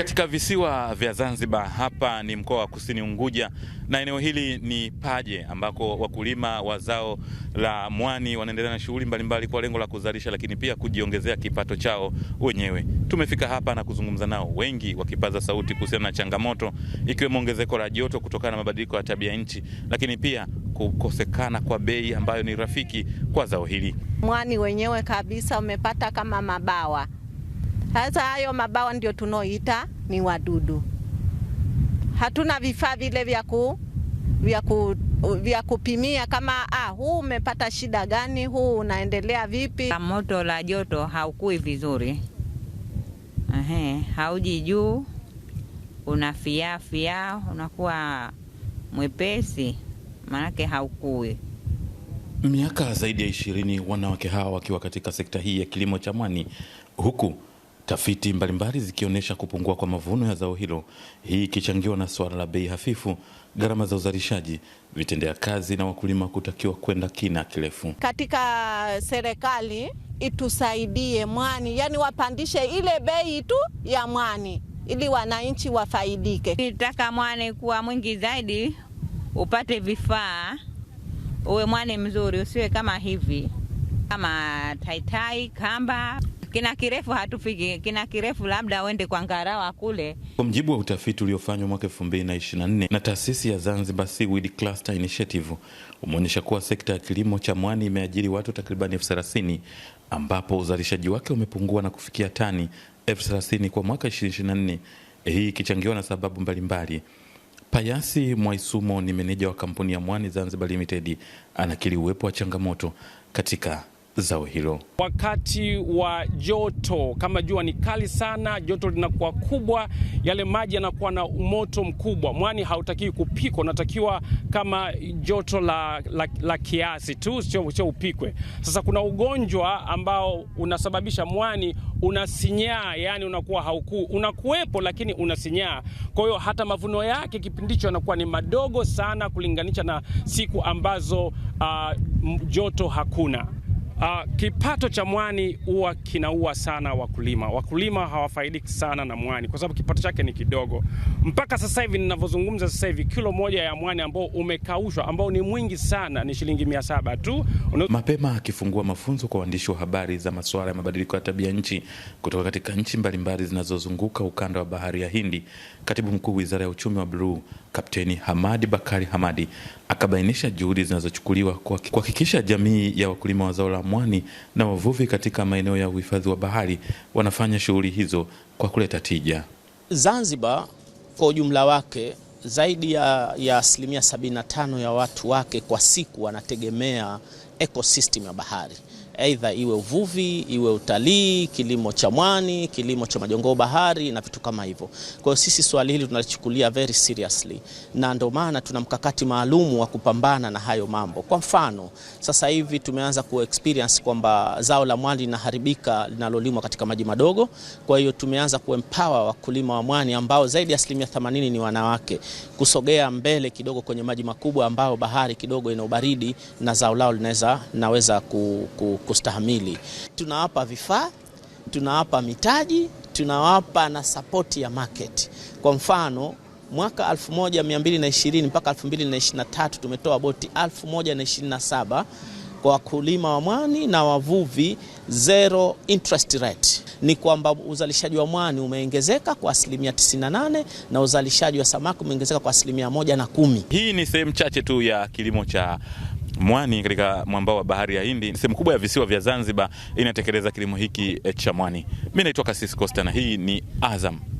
katika visiwa vya Zanzibar. Hapa ni mkoa wa Kusini Unguja, na eneo hili ni Paje ambako wakulima wa zao la mwani wanaendelea na shughuli mbalimbali kwa lengo la kuzalisha, lakini pia kujiongezea kipato chao wenyewe. Tumefika hapa na kuzungumza nao, wengi wakipaza sauti kuhusiana na changamoto ikiwemo ongezeko la joto kutokana na mabadiliko ya tabia nchi, lakini pia kukosekana kwa bei ambayo ni rafiki kwa zao hili. Mwani wenyewe kabisa umepata kama mabawa sasa hayo mabawa ndio tunaoita ni wadudu. Hatuna vifaa vile vya ku vya ku vya kupimia kama ah, huu umepata shida gani, huu unaendelea vipi. Moto la joto haukui vizuri, ehe, hauji juu, unafiafia, unakuwa mwepesi, maanake haukui. Miaka zaidi ya ishirini wanawake hawa wakiwa katika sekta hii ya kilimo cha mwani huku tafiti mbalimbali zikionyesha kupungua kwa mavuno ya zao hilo, hii ikichangiwa na suala la bei hafifu, gharama za uzalishaji, vitendea kazi na wakulima kutakiwa kwenda kina kirefu. Katika serikali itusaidie mwani, yani wapandishe ile bei tu ya mwani ili wananchi wafaidike. Nitaka mwani kuwa mwingi zaidi, upate vifaa, uwe mwani mzuri, usiwe kama hivi kama taitai kamba kina kirefu hatufiki kina kirefu, labda uende kwa Ngarawa kule. Kwa mjibu wa utafiti uliofanywa mwaka 2024 na taasisi ya Zanzibar Seaweed Cluster Initiative umeonyesha kuwa sekta ya kilimo cha mwani imeajiri watu takribani elfu thelathini ambapo uzalishaji wake umepungua na kufikia tani elfu thelathini kwa mwaka 2024, hii ikichangiwa na sababu mbalimbali. Payasi Mwaisumo ni meneja wa kampuni ya Mwani Zanzibar Limited, anakiri uwepo wa changamoto katika zao hilo. Wakati wa joto, kama jua ni kali sana, joto linakuwa kubwa, yale maji yanakuwa na moto mkubwa. Mwani hautakiwi kupikwa, unatakiwa kama joto la, la, la kiasi tu, sio upikwe. Sasa kuna ugonjwa ambao unasababisha mwani unasinyaa, yani unakuwa hauku unakuwepo, lakini unasinyaa. Kwa hiyo hata mavuno yake kipindi hicho yanakuwa ni madogo sana kulinganisha na siku ambazo uh, joto hakuna. Uh, kipato cha mwani huwa kinaua sana wakulima. Wakulima hawafaidiki sana na mwani kwa sababu kipato chake ni kidogo. Mpaka sasa hivi ninavyozungumza, sasa hivi kilo moja ya mwani ambao umekaushwa ambao ni mwingi sana ni shilingi mia saba tu. Mapema akifungua mafunzo kwa waandishi wa habari za masuala ya mabadiliko ya tabia nchi kutoka katika nchi mbalimbali zinazozunguka ukanda wa bahari ya Hindi, katibu mkuu wizara ya uchumi wa bluu Kapteni Hamadi Bakari Hamadi akabainisha juhudi zinazochukuliwa kuhakikisha jamii ya wakulima wa zao la mwani na wavuvi katika maeneo ya uhifadhi wa bahari wanafanya shughuli hizo kwa kuleta tija. Zanzibar kwa ujumla wake zaidi ya asilimia 75 ya watu wake kwa siku wanategemea ecosystem ya bahari aidha iwe uvuvi, iwe utalii, kilimo cha mwani, kilimo cha majongoo bahari na vitu kama hivyo. Kwa hiyo sisi swali hili tunalichukulia very seriously, na ndio maana tuna mkakati maalum wa kupambana na hayo mambo. Kwa mfano, sasa hivi tumeanza ku experience kwamba zao la mwani linaharibika linalolimwa katika maji madogo. Kwa hiyo tumeanza ku empower wakulima wa mwani ambao zaidi ya asilimia 80 ni wanawake kusogea mbele kidogo kwenye maji makubwa ambayo bahari kidogo ina ubaridi na zao lao linaweza naweza ku, ku kustahimili. Tunawapa vifaa, tunawapa mitaji, tunawapa na sapoti ya market. Kwa mfano mwaka 1220 mpaka 2023 tumetoa boti 1027 kwa wakulima wa mwani na wavuvi, zero interest rate. Ni kwamba uzalishaji wa mwani umeongezeka kwa asilimia 98 na uzalishaji wa samaki umeongezeka kwa asilimia moja na kumi. Hii ni sehemu chache tu ya kilimo cha mwani katika mwambao wa bahari ya Hindi. Sehemu kubwa ya visiwa vya Zanzibar inatekeleza kilimo hiki eh, cha mwani. Mimi naitwa Kasisi Costa na hii ni Azam.